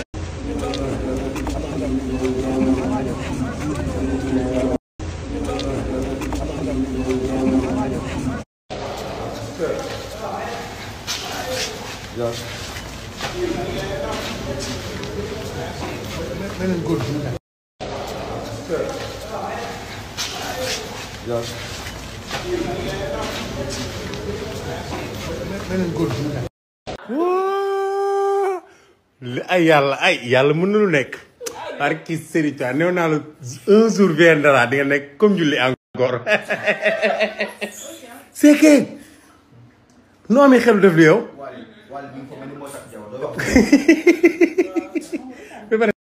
行。beneen góor gi nga beneen ay yàlla ay yàlla mën na lu nekk par ki Serigne Touba néew naa un jour viendra di nga nekk comme julli encore c'est que amee xelu def lu yow. pare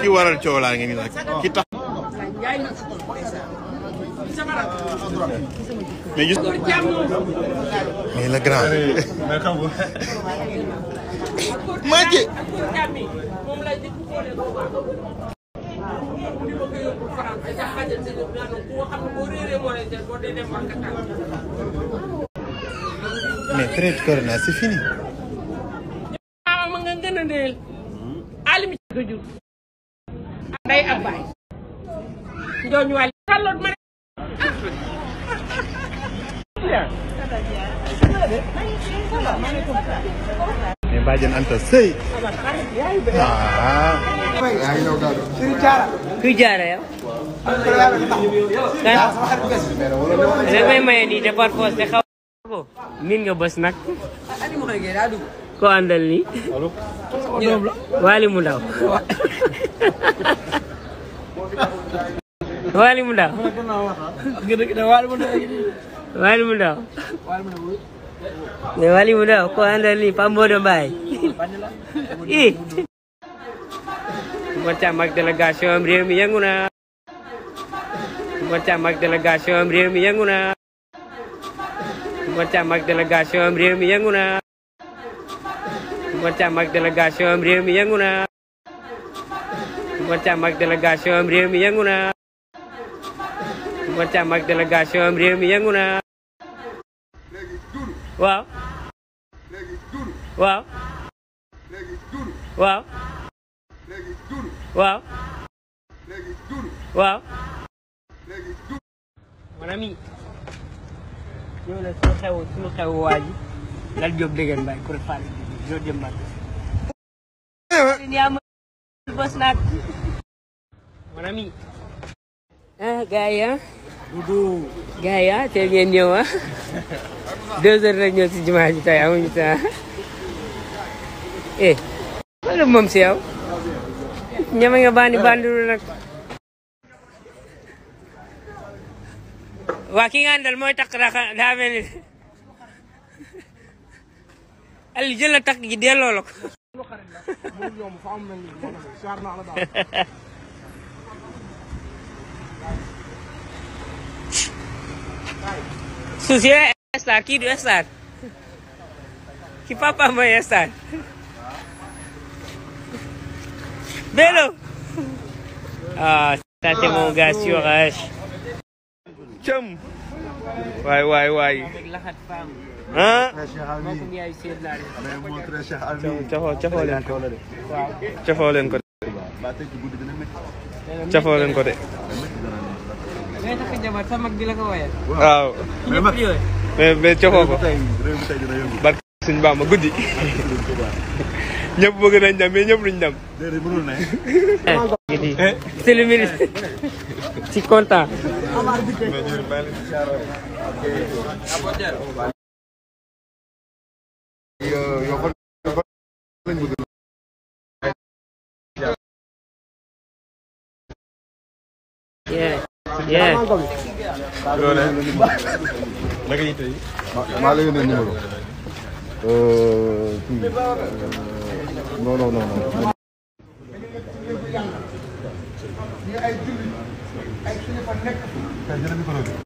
ki waral coow laa ngi nii nag ki tax. mais gis. mais le grand. Mathie. mais peut-être que c'est fini. gën a ndeel alimi ko jur day ak baay njooñ wàll tàlloot ma ne bàjjen Anta sëy kuy jaara yow kan may maye nii te par force te xaw ko miin nga bës nag ko andal ni wali mu ndaw Wali mu ndaw wali mu ndaw ne waali mu ndaw ko andal ni pambodo bay. i Macam Thiam ak délégation am mi yanguna Macam mak delegasi ak am mi yanguna Macam mak delegasi ak am mi yanguna macam mak delegasi réew yang guna macam mak delegasi réew yang guna macam mak delegasi réew mi wow wow wow wow wow wow wow mon ami ñëw na suñu xew suñu xew waa ji lal jóob déggan mbaay Jordi Mati. Andiamo il Bosnat. Mon Ah, Gaïa. Doudou. Gaïa, t'es bien ah. Deux heures si ya, Eh. Wala moom si yow. nga bandi bandiru nag. waa ki mel الجنة تقي دي لولك Susia estar, kido estar. Que papa mãe estar. Belo. Ah, tá tem um gás wai, o Chum. cafoo cafoo leen ko cafoo leen ko de cafoo leen ko de waaw mais mais cafoo ko barke suñ Bamba guddi ñëpp bëgg nañ dem mais ñëpp luñ dem c'est le ministre ci kontaan Yeah. Eh? naka ñu tey. maa la yónnee numéro. Euh, euh, non non non non. ay jullit ay kilifa nekk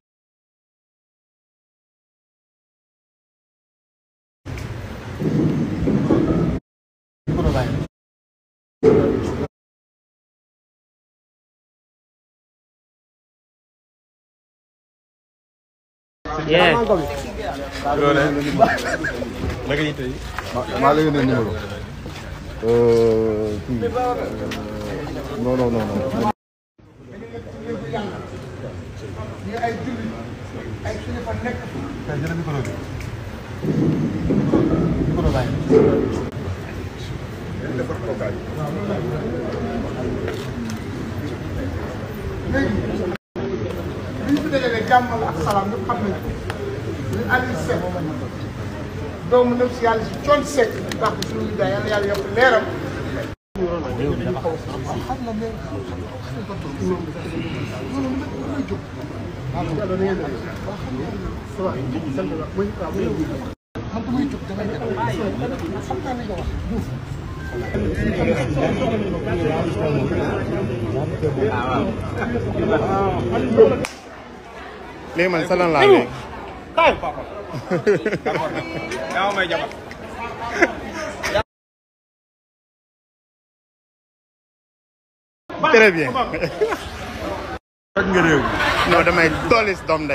bien. maa ngi lay nuyu. Euh, euh, non non non. Thank you. ñu fi dajalee gàmmal ak salaam ñëpp xam nañu ñu Aliou Seck doomu dem si yàlla si coon Seck baax bi suñu guddaay yàlla yàlla yokk leeram waaw léegi man sa lan laa léegi. kaay yaa may jabar. bien. nga réew. non damay dolli si doom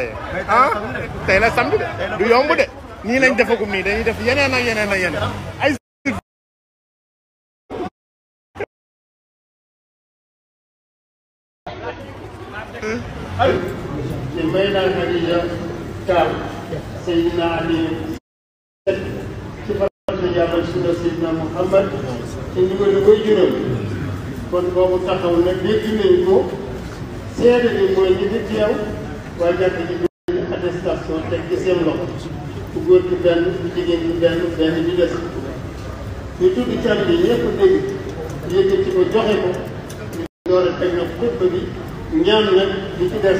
la samedi de du yomb de nii lañ defagum nii dañuy def yeneen ak yeneen ak yeneen ay. Allez te may naa Xadiija taal Seydina Ali Seydina Muhammad te ndigal lu koy kon boobu taxaw na dégg nañ ko seede bi mooy ñi fi teew waaye jàkk ji duñ attestation teg ci seen loxo ku góor ki jigéen ki benn bi des ñu tudd can bi ñëpp dégg yëkkati ko joxe ko ñu door a teg na xutba bi ñaan nag li ci des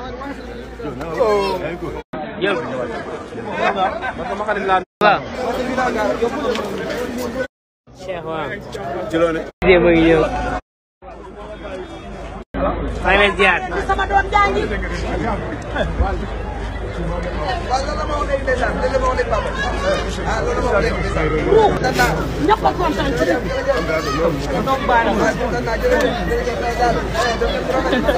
Cheikh waaw. ci loolu. ma ngi ñëw. maa ngi lay ziar. sama doom jàngi. ñëpp a kontaan ci dëkk.